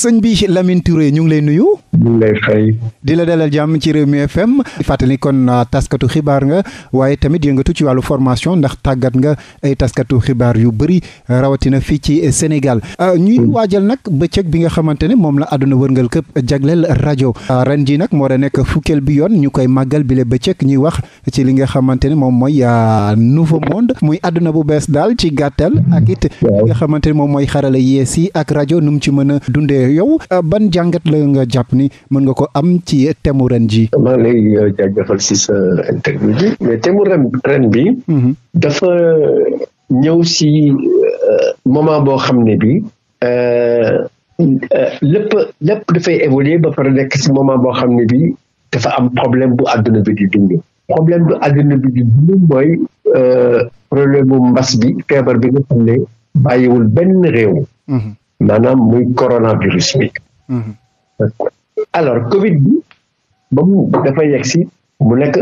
sëñ bi Lamine Touré ñu ngi lay nuyu. ñu ngi di la dalal jàmm ci réew mi FM fàttali kon ah, taskatu xibaar nga waaye tamit yëngatu ci wàllu formation ndax tàggat nga ay taskatu xibaar yu bëri rawatina fii ci Sénégal. Ah, ñuy mm. waajal nag bëccëg bi nga xamante ne moom la àdduna wërngal këpp jagleel rajo ah, ren ji nag moo da nekk fukkeel bi yoon ñu koy màggal bi le bëccëg ñuy wax ci li nga xamante ne moom mooy nouveau monde muy àdduna bu bees daal ci gàttal ak it li nga xamante ne moom mooy xarala yees yi ak rajo nu mu ci mën a dundee yow ni mën nga ko am ci temu ren ji maa ngi lay euh, jaajëfal si sa mais temu ren ren bi mm-hmm. dafa ñëw si euh, moment boo xam ne bi euh, lépp lépp dafay évoluer ba pare nekk si moment boo xam ne bi dafa am problème bu àddina bi di dund problème bu àdduna bi di mooy problème bu mbas bi feebar bi nga xam ne bàyyiwul benn réew mm-hmm. maanaam muy coronavirus bi mm-hmm. alors Covid bi ba dafa yegg si mu nekk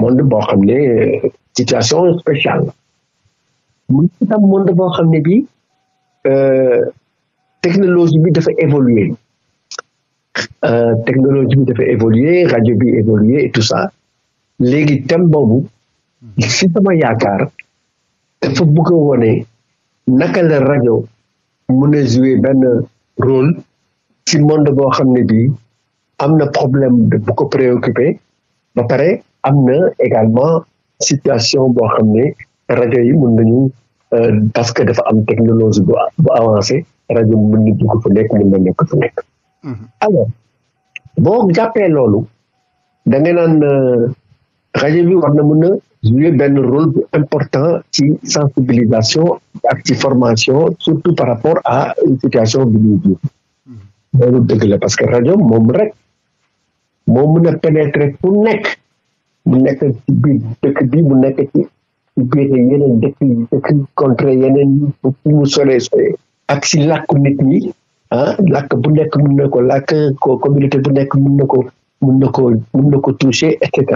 monde boo xam ne situation spéciale mu nekk monde boo xam ne bi euh, technologie bi dafa évoluer Euh, technologie bi dafa évoluer rajo bi évoluer et tout ça léegi thème boobu si sama yaakaar dafa bëgg a wone naka la rajo mën a jouer benn rôle ci monde boo xam ne bii am na problème bu ko préoccupé ba pare am na également situation boo xam ne rajo yi mën nañu euh, parce que dafa am technologie bu bu avancé rajo mën na dugg fu nekk mën fu nekk. Mm-hmm. alors boo jàppee loolu da nga naan euh, rajo bi war na mën a jouer benn rôle important ci sensibilisation ak ci formation surtout par rapport à une situation bi ñuy loolu dëgg la parce que rajo moom rek moo mën a pénétrer fu nekk mu bi mu nekk ci biir yeneen dëkk dëkk contre yeneen fu mu soree ak si làkku nit ñi ah, làkk bu nekk mën na ko làkk ko communauté bu nekk mën na ko mën na ko mën na ko toucher et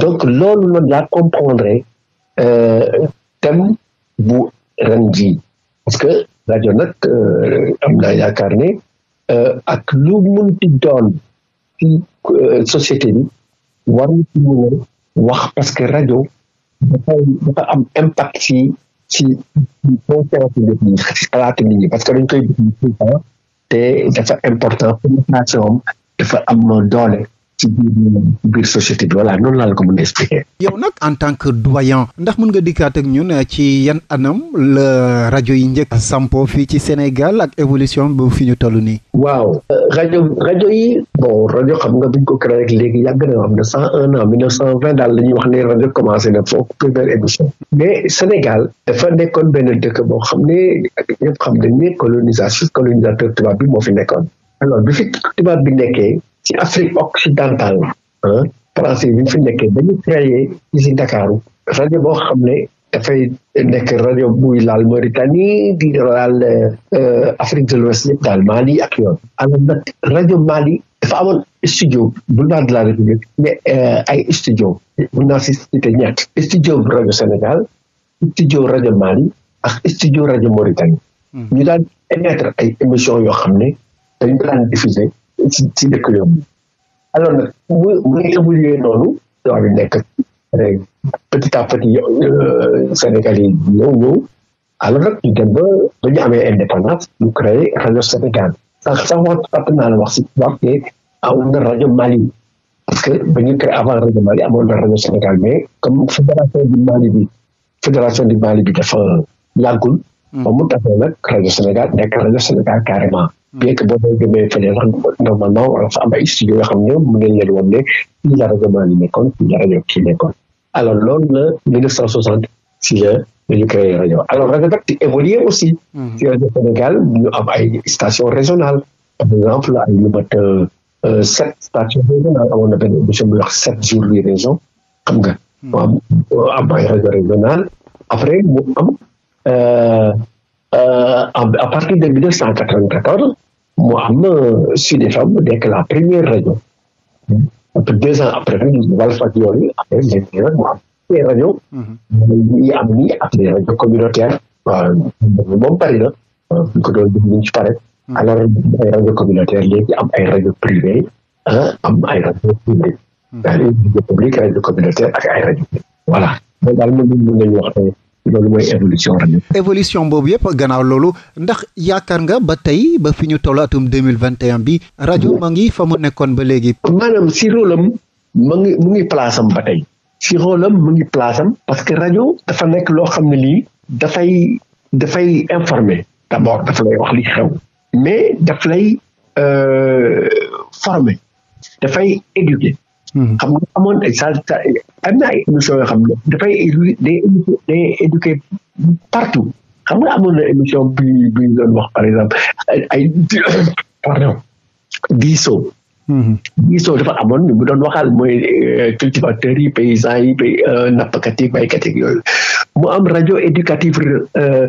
donc loolu la laa comprendre euh, thème bu ren jii parce que rajo nag euh, am naa yaakaar ne Euh, ak lu munti doon ci euh, société bi war nañu wax parce que rajo dafa am impact si si conférence nit ñi ci parce que dañ koy déglu tout le te dafa important communication am dafa am doole. ci biir biir société bi voilà noonu laal la ko mën a yow nag en tan que doyen ndax mën nga dikkaat ak ñun eh, ci yan anam la rajo yi njëkk sampo fii ci Sénégal ak évolution bu fi ñu toll nii. waaw euh, rajo rajo yi bon rajo xam nga buñ ko créé léegi yàgg na am ne cent un an mille neuf cent vingt daal la ñuy wax ne rajo commencé na foofu première émission mais Sénégal dafa nekkoon benn dëkk boo xam ne ñëpp xam nañ ne colonisation colonisateur tubaab bi moo fi nekkoon alors ci Afrique occidentale ah français bi fi nekkee dañu créé ci Ndakaaru rajo boo xam ne dafay rajo buy laal Mauritanie di laal euh, Afrique de l'Ouest yëpp daal Mali ak yoon alors nag rajo Mali dafa amoon studio boulevard de la République mais euh, ay studio mun naa si cité ñett studio rajo Sénégal studio rajo Mali ak studio rajo Mauritanie hmm. ñu daan émettre ay émissions yoo xam ne dañu daan diffuser ci ci dëkk yooyu alors nag bu muy évoluer noonu yoon bi nekk rek petit à petit euh, Sénégal yi ñëw ñëw alors nag ñu dem ba ba ñu amee indépendance ñu créé rajo Sénégal sax sax wax fàtte naa la wax si tubaab te amoon na rajo Mali parce que ba ñu créé avant rajo Mali amoon na rajo Sénégal mais comme fédération du Mali bi fédération du Mali bi dafa euh, yàggul. Hmm. ba mu taxee nag rajo Sénégal nekk rajo Sénégal carrément. bien que boo doon demee feneen normalement war fa am ay studio yoo xam ne mu ngeen leen wan ne fii la rajo maa ngi nekkoon fii la rajo kii nekkoon alors loolu la 1960 si la dañu créé rajo alors rajo nag aussi. Hmm. si rajo Sénégal ñu am ay stations régionales par exemple ay lu euh, sept stations régionales hmm. am ay rajo régionales après mu am. Euh, Euh, à partir de 1994 mu am Sud FM mu nekk la première rajo deux ans après Walf ak yooyu après léegi nag mu am première rajo yi am nii après rajo communautaire waaw moom bari ay rajo communautaire léegi am ay rajo privé am ay rajo publique daal rajo publique rajo communautaire ak ay loolu mooy évolution rajo. évolution boobu yëpp gannaaw loolu ndax yaakaar nga ba tey ba fi ñu tollaatum deux mille vingt et un bi rajo maa ngi fa mu nekkoon ba léegi. maanaam si rôlam ma ngi mu ngi place am ba tey. si rôlam mu ngi place parce que rajo dafa nekk loo xam ne lii dafay dafay informer d'abord daf lay wax li xew mais daf lay euh, dafay éduquer Mm-hmm. xam nga amoon sa am na ay émission yoo xam ne dafay day day éduquer partout xam nga amoon na émission bi bi doon wax par exemple ay pardon diisoo mm-hmm. diisoo dafa amoon ñu bu doon waxal mooy euh, cultivateurs yi paysans yi pay euh, nappkat yi baykat yi yooyu mu am rajo éducative euh,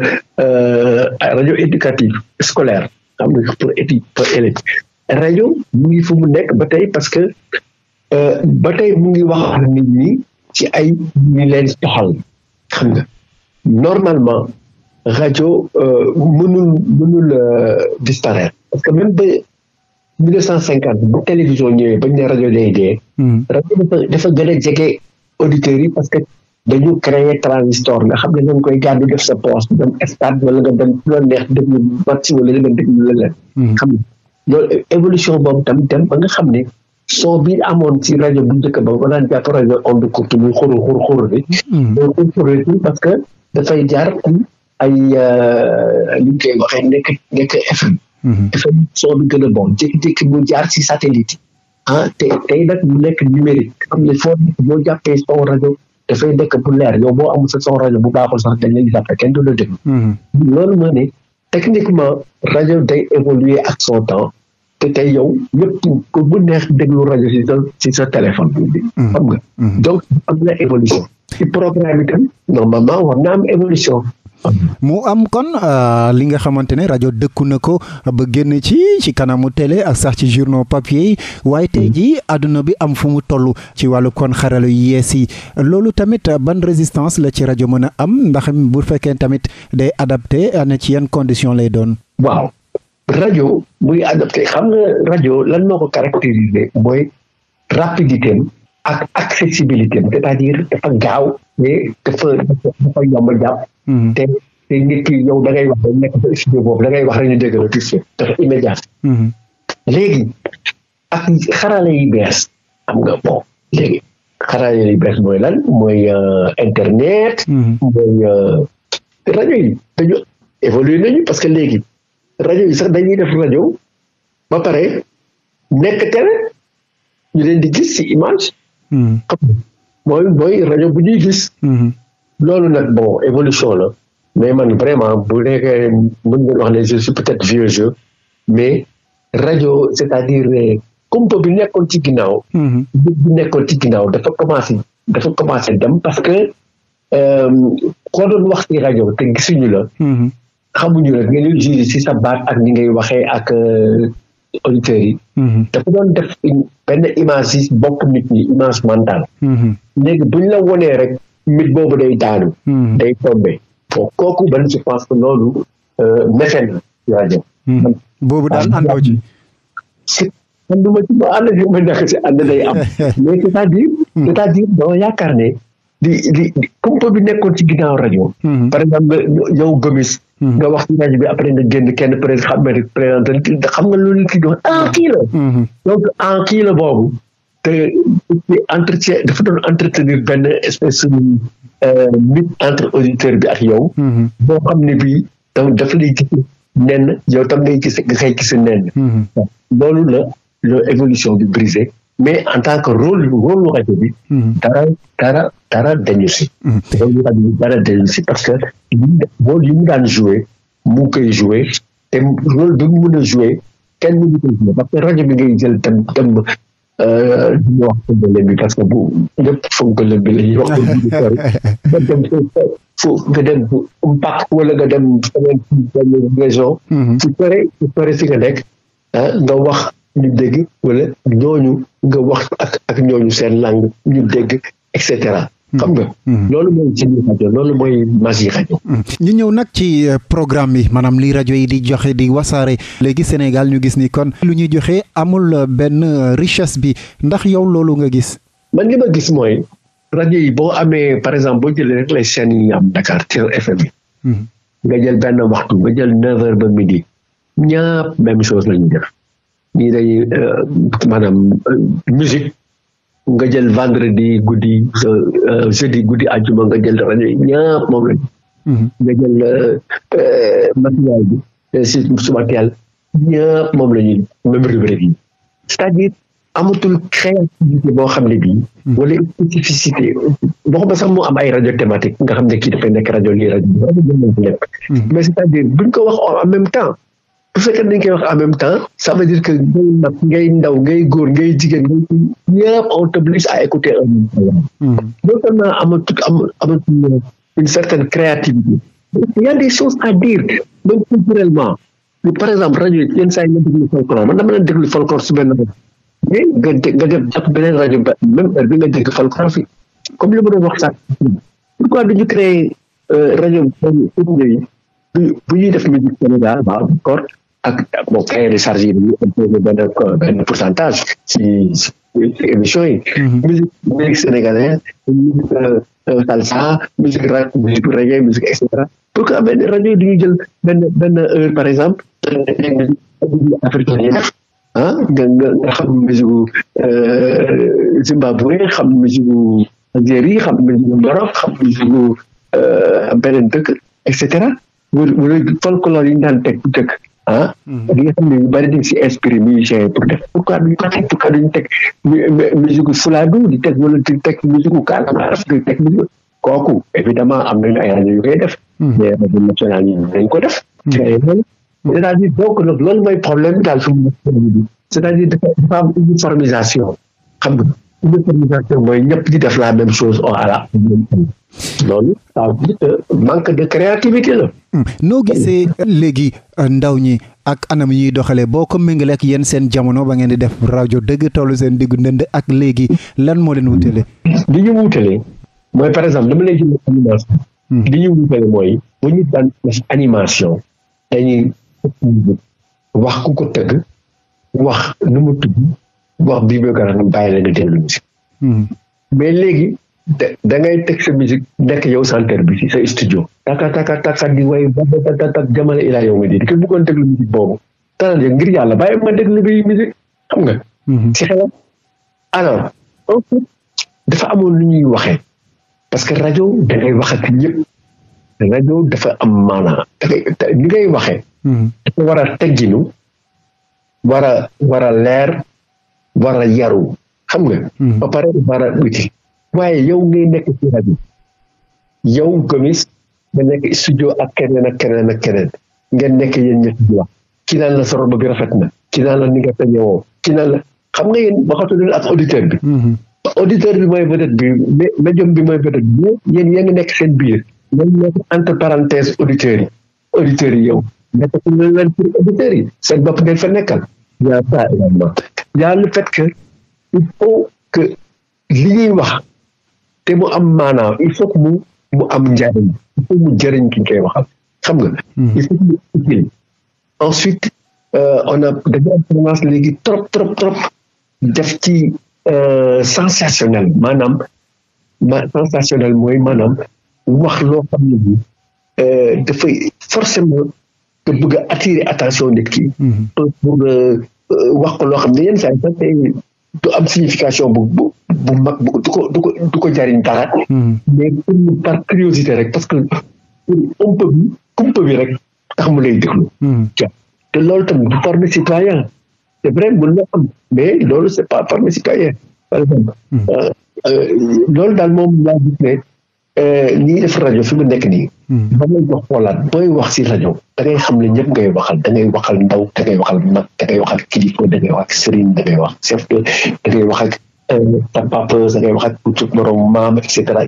rajo éducative scolaire pour étude pour élèves rajo mu ngi nekk ba tey parce que Euh, ba tey mu ngi wax nit ñi ci ay ñi leen toxal xam nga normalement rajo euh, mënul mënul euh, disparaître parce que même ba mille neuf cent cinquante bu télévision ñëwee bañ ne rajo day dee hmm. rajo dafa dafa gën a jege auditeurs yi parce que dañu créer transistor nga xam ne da nga koy gàddu def sa poche dem stade wala nga dem fu la neex déglu match wala nga dem déglu leneen hmm. xam nga évolution boobu tam dem ba nga xam ne son bi amoon ci rajo bu njëkk ba ba daan jàpp rajo onde courte muy xuru xur xuru hmm. parce que dafay jaar ci ay euh, li ñu koy waxee nekk nekk FM hmm. FM son bi gën a bon jékki jaar si satellite ah, te tey mu nekk numérique am ne foo boo jàppee son rajo dafay nekk bu leer yow boo amul sa son rajo bu baaxul sax dañ lay kenn du la déglu hmm. techniquement rajo day évoluer ak son temps que tey yow ñëpp ko bu neex déglu rajo si sa si sa téléphone mm-hmm. mm-hmm. donc am na évolution. bi tam normalement war na évolution. mu am kon euh, li nga xamante ne rajo dëkku na ko ba génn ci ci kanamu tele ak sax ci journaux papier yi waaye tey jii mm-hmm. àdduna bi am fu mu toll ci wàllu kon xarala yu yees yi loolu tamit euh, ban résistance la ci rajo mën a am ndax bu fekkee tamit day adapté ana euh, ci yan condition lay doon. rajo buy adapté xam nga rajo lan moo ko caractérisé mooy rapidité am ak accessibilité am c'est-à-dire dafa gaaw mais dafa a jàpp. Mm-hmm. te te nit ki yow da ngay wax rek nekk dégg la tout dafa immédiat. Mm-hmm. léegi ak yi bees am nga bon léegi xarala yi bees mooy lan mooy euh, internet. Mm-hmm. mooy euh, rajo yi parce que léegi. rajo yi sax dañuy def rajo ba pare nekk télé ñu leen di gis ci image. Hmm. xam mooy mooy rajo bu ñuy gis. Hmm. loolu nag bon évolution la mais man vraiment bu nekkee mën ngeen wax ne je suis peut-être vieux jeu mais rajo c'est-à-dire kumpa euh, bi nekkoon ci ginnaaw. Hmm. bi nekkoon ci ginnaaw dafa commencé dafa commencé dem parce que euh, koo doon wax ci rajo te gisuñu la. xamuñu rek nga ñuy si sa baat ak ni ngay waxee ak euh, auditeurs yi. Mm-hmm. dafa doon def benn image si bopp nit ñi image mentale. Mm-hmm. léegi buñ la wonee rek mit boobu day daanu. Mm-hmm. day tombé bon kooku ban je pense que loolu euh, méfé na boobu daal àndoo ci. si ànduma ci ba bi ma nekk si ànd day am. mais c'est-à-dire. c'est-à-dire doo yaakaar ne. di di di compo bi nekkoon ci ginnaaw rajo. par exemple yow Gomis. Mhm. nga wax ci bi après nga génn kenn président xam nga xam nga loolu ki doon en kii mhm. donc en kii la boobu. te entretien dafa doon entretenir benn espèce euh, mythe entre auditeur bi ak yow. Mhm. boo xam ne bii donc dafa lay gis nen yow tam ngay gis ngay gis nen. loolu la la évolution bi brisé. mais en tant que rôle rôle lu rajo bi. dara dara dara dañu si. rôle parce que rôle li mu daan joué mu ngi te rôle bi mu mën a joué kenn mënu ko joué parce que rajo bi ngay jël tam bi euh, parce que bu ñëpp fonk la ñuy wax nga dem fu nga dem mbàq wala nga dem région mm-hmm. fu sore fu sore si nga euh, nga wax ñu dégg wala ñooñu nga wax ak ak ñooñu seen langue ñu dégg et cetera. Mm-hmm. xam nga. Mm-hmm. loolu mooy ci rajo mm-hmm. ñu ñëw nag ci euh, programme bi maanaam li rajo yi di joxe di wasaare léegi Sénégal ñu gis ni kon lu ñuy joxe amul euh, benn euh, richesse bi ndax yow loolu nga gis. man li ma gis mooy rajo yi boo amee par exemple boo jëlee rek les chaînes yi am Dakar ci FM yi. nga jël benn waxtu nga jël neuf heures ba midi ñaap même chose la ñu ñii dañuy euh, maanaam euh, musique nga jël vendredi guddi euh, jeudi guddi àjjuma nga jël rajo ñaap moom lañ mhm. nga jël matinal bi si suba ñaap moom la ñuy même rubrique yi c'est-à-dire amatul créativité boo xam ne bii mhm. wala spécificité a sax mu am ay rajo thématique nga xam ne kii dafay nekk rajo lii rajo mhm. mais c'est-à-dire buñ ko wax en même temps bu fekkee dañ koy wax en même temps ça veut dire que ngay mag ngay ndaw ngay góor ngay jigéen ngay ñëpp on t'oblige a écouter un même non seulement amatul amatul une certaine créativité il a des choses à dire même culturellement par exemple rajo yi yenn saa yi nga déglu folklore man dama leen déglu folklore su benn bopp mais nga nga def jàpp beneen fi comme li ma doon wax sax pourquoi du ñu créer euh, rajo bu ñuy def musique Sénégal waaw d'accord ak bon cahier de charge si si émission yi. Mhm. musique musique sénégalaise musique euh, euh, salsa musique rap musique reggae musique et cetera jël benn par exemple africaine yi def xam musique euh, Zimbabwe xam musique Algérie xam musique Maroc xam musique beneen dëkk et cetera wala folklore yi ñu daan teg dëkk. Mhm. ah. li nga xam ne si inspiré musiciens yi pour def pourquoi duñ ko teg pourquoi duñ teg musique fulaadu di teg wala di kooku évidemment am nañu ay rajo koy def. Mhm. mais dañ ko def. Mhm. c'est-à-dire donc loolu mooy problème bi daal c' est à dire dafa am uniformisation xam nga. uniformisation mooy ñëpp di def la même chose à la loolu ça veut dire que manque hmm. noo gisee léegi euh, ndaw ñi ak anam yiy doxalee boo ko méngale ak yéen seen jamono ba ngeen di def rajo dëgg tollu seen diggu ndënd ak léegi lan moo leen wutale. li ñu wutale mooy par exemple dama lay jël animation. Hmm. ñu wutale mooy wax ku ko tëgg wax nu mu tudd. wax bii ba gën a bàyyi la nga déglu musique. Hmm. mais léegi da da ngay teg sa musique yow centre bi ci sa studio. taka taka taka di way ba ba ba tak jamono ilaa yow nga di ko bëggoon déglu musique boobu. tànn de ngir yàlla bàyyi ma déglu bi musique xam nga. ci hmm. xelam alors dafa lu ñuy waxee parce que rajo da ngay wax ak ñëpp rajo am maanaa da ngay waxee. Hmm. dafa war tegginu war a leer. war a yaru xam nga. Hmm. ba pare war a waaye yow ngay nekk ci rajo yow gomis nga nekk studio ak keneen ak keneen ak keneen ngeen nekk yéen ñetti di wax ki naan sa robe bi rafet na ki naan la ni nga tañewoo ki naan la xam nga yéen waxatu leen ak auditeur bi. Hmm. auditeur bi mooy vedette bi mais médium bi mooy vedette bi yaa ngi nekk seen biir. yéen nekk entre parenthèse auditeurs yi auditeurs yi yow nekkatuñu leen pour auditeurs yi seen bopp ngeen fa nekkal. yaa ça également y a le fait que il faut que li ñuy wax te mu am maanaam il faut mu mu am njariñ il faut mu jëriñ ki ñu koy waxal xam nga. Hmm. il faut que mu utile ensuite euh, on a dañu am tendance trop trop trop def ci euh, sensationnel maanaam ma sensationnel mooy maanaam wax loo xam ne bi euh, dafay forcément te bëgg a attirer attention nit ki. Hmm. Euh, wax ko loo xam ne yenn saa yi sax du am signification bu bu bu mag du ko du ko jariñ dara. Hmm. mais par curiosité rek parce que umpa bi bi rek tax mu lay déglu. Hmm. te loolu tam du citoyen c'est vrai mën na am mais loolu c'est pas forme citoyen par hmm. euh, euh, daal moom laa gis ñiy eh, def rajo fi mu nekk nii. ba hmm. may jox xoolaat booy wax si rajo da ngay xam ne ñëpp ngay waxal da ngay waxal ndaw da ngay waxal mag da ngay wax ak kilifa da ngay wax ak da ngay wax chef da ngay wax ak papa da ngay wax ak eh, utu morom maam et cetera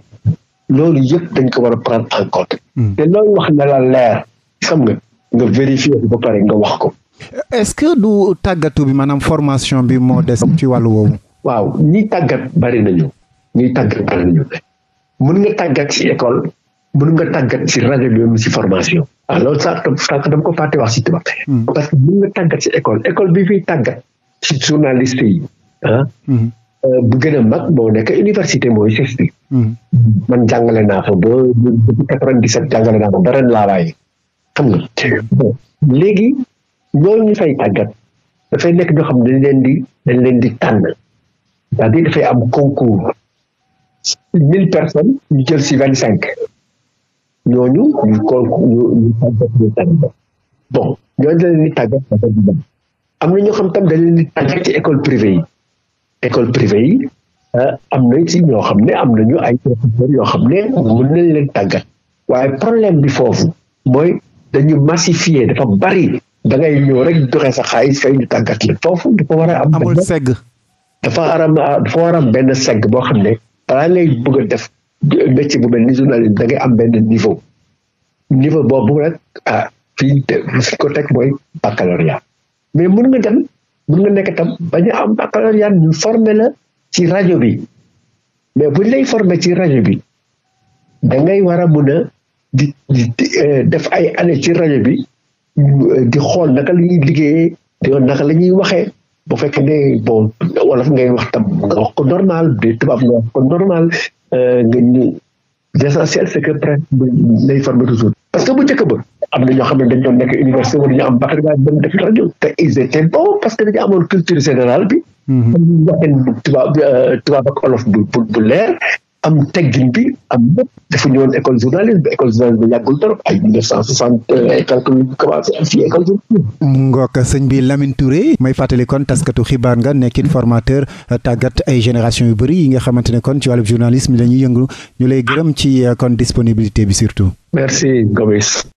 loolu yëpp dañ ko war a prendre en compte. Hmm. te loolu wax na leer xam nga nga vérifier ba pare nga wax ko. est-ce que du tàggatu bi maanaam formation bi moo des. ci wàllu woowu. waaw ñiy tàggat bari nañu ñiy tàggat bari nañu mën nga tàggat si école mën nga tàggat si rajo bi même ci formation ah loolu sax sànq dama ko fàtte wax ci tubaab hmm. parce que mën nga tàggat ci école école bi fi tàggat ci journaliste yi ah hmm. euh, bu gën a mag boo nekk université moo CESTI hmm. man jàngale naa fa ba depuis quatre vingt dix ba ren laa bàyyi xam nga léegi ñooñu fay tàggat dafay nekk ñoo xam ne dañ leen di dañ leen di tànn c'est-à-dire am concours mille personnes ñu jël si vingt cinq ñooñu ñu ko ñu tàggat ñu tàggat bon ñooñu am na ñoo xam tam dañ leen di tàggat ci école privée yi école privée yi ah, am na ci ñoo xam ne am nañu ay yoo xam ne mën tàggat waaye problème bi foofu mooy dañu massifier dafa bari da ngay ñëw rek joxe sa xaalis fay ñu tàggat la foofu dafa war a am benn segg boo xam ne. balaa ngay bëgg a def métier bu mel ni journaliste da ngay am benn niveau niveau boobu rek ah fi ko teg mooy baccalauréat mais mun nga dem mun nga nekk tam bañ a am baccalauréat ñu formé ci rajo bi mais buñ lay formé ci rajo bi da ngay war a mun a di euh, def ay année ci rajo bi euh, di xool naka la ñuy liggéeyee di naka la ñuy waxee bu fekkee ne bo wolof ngay wax tam nga wax ko normal de tubaab nga wax ko normal euh, nga ñu l'essentiel c'est que presque lay formé toujours parce que bu njëkk ba am na ñoo xam ne dañ doon nekk université wala ñu am baccalauréat ba def rajo te ils étaient bons parce que dañu amoon culture générale bi. waxeen mm-hmm. tubaab euh, olof bu bu leer am teggin bi am lépp dafa ñëwoon école journaliste ba école journaliste ba yàggul trop ay mille neuf soixante euh, et quelque ñu commencé am école journaliste mu ngoog sëñ bi lamin ture may fàttali kon taskatu xibaar nga nekkit formateur euh, tàggat ay génération yu bëri yi nga xamante ne kon ci wàllu journalisme la ñuy yëngu ñu lay gërëm ci euh, kon disponibilité bi surtout merci